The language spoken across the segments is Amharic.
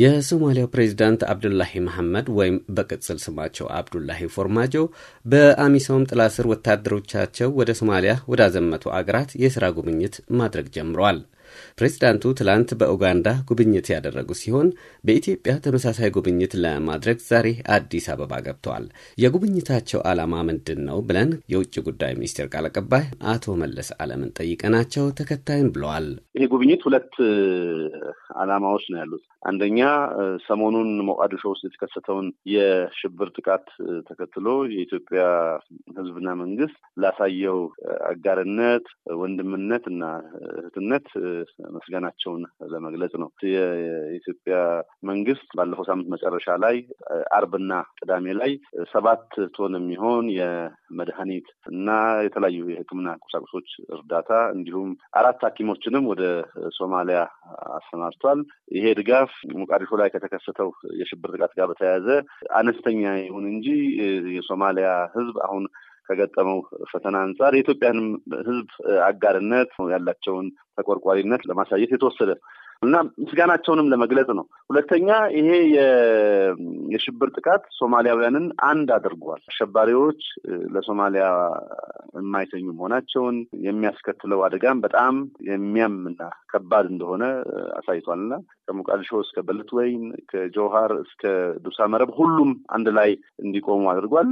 የሶማሊያው ፕሬዚዳንት አብዱላሂ መሐመድ ወይም በቅጽል ስማቸው አብዱላሂ ፎርማጆ በአሚሶም ጥላ ስር ወታደሮቻቸው ወደ ሶማሊያ ወዳዘመቱ አገራት የሥራ ጉብኝት ማድረግ ጀምረዋል። ፕሬዚዳንቱ ትላንት በኡጋንዳ ጉብኝት ያደረጉ ሲሆን በኢትዮጵያ ተመሳሳይ ጉብኝት ለማድረግ ዛሬ አዲስ አበባ ገብተዋል። የጉብኝታቸው ዓላማ ምንድን ነው ብለን የውጭ ጉዳይ ሚኒስቴር ቃል አቀባይ አቶ መለስ አለምን ጠይቀናቸው ተከታይም ብለዋል። ይሄ ጉብኝት ሁለት ዓላማዎች ነው ያሉት። አንደኛ ሰሞኑን ሞቃዲሾ ውስጥ የተከሰተውን የሽብር ጥቃት ተከትሎ የኢትዮጵያ ሕዝብና መንግስት ላሳየው አጋርነት፣ ወንድምነት እና እህትነት መስጋናቸውን ለመግለጽ ነው። የኢትዮጵያ መንግስት ባለፈው ሳምንት መጨረሻ ላይ አርብና ቅዳሜ ላይ ሰባት ቶን የሚሆን የመድኃኒት እና የተለያዩ የሕክምና ቁሳቁሶች እርዳታ እንዲሁም አራት ሐኪሞችንም ወደ ሶማሊያ አሰማርቷል። ይሄ ድጋፍ ሞቃዲሾ ላይ ከተከሰተው የሽብር ጥቃት ጋር በተያያዘ አነስተኛ ይሁን እንጂ የሶማሊያ ሕዝብ አሁን ከገጠመው ፈተና አንጻር የኢትዮጵያንም ህዝብ አጋርነት ያላቸውን ተቆርቋሪነት ለማሳየት የተወሰደ እና ምስጋናቸውንም ለመግለጽ ነው። ሁለተኛ ይሄ የሽብር ጥቃት ሶማሊያውያንን አንድ አድርጓል። አሸባሪዎች ለሶማሊያ የማይተኙ መሆናቸውን የሚያስከትለው አደጋም በጣም የሚያምና ከባድ እንደሆነ አሳይቷልና ከሞቃዲሾ እስከ በልት ወይን ከጆሃር እስከ ዱሳ መረብ ሁሉም አንድ ላይ እንዲቆሙ አድርጓል።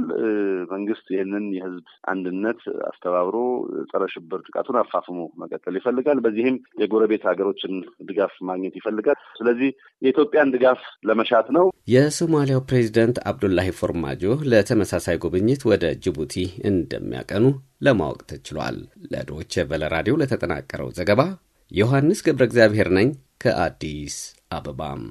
መንግስት ይህንን የህዝብ አንድነት አስተባብሮ ጸረ ሽብር ጥቃቱን አፋፍሞ መቀጠል ይፈልጋል። በዚህም የጎረቤት ሀገሮችን ድጋፍ ማግኘት ይፈልጋል። ስለዚህ የኢትዮጵያን ድጋፍ ለመሻት ነው። የሶማሊያው ፕሬዚደንት አብዱላሂ ፎርማጆ ለተመሳሳይ ጉብኝት ወደ ጅቡቲ እንደሚያቀኑ ለማወቅ ተችሏል። ለዶች ቬለ ራዲዮ ለተጠናቀረው ዘገባ ዮሐንስ ገብረ እግዚአብሔር ነኝ ከአዲስ አበባም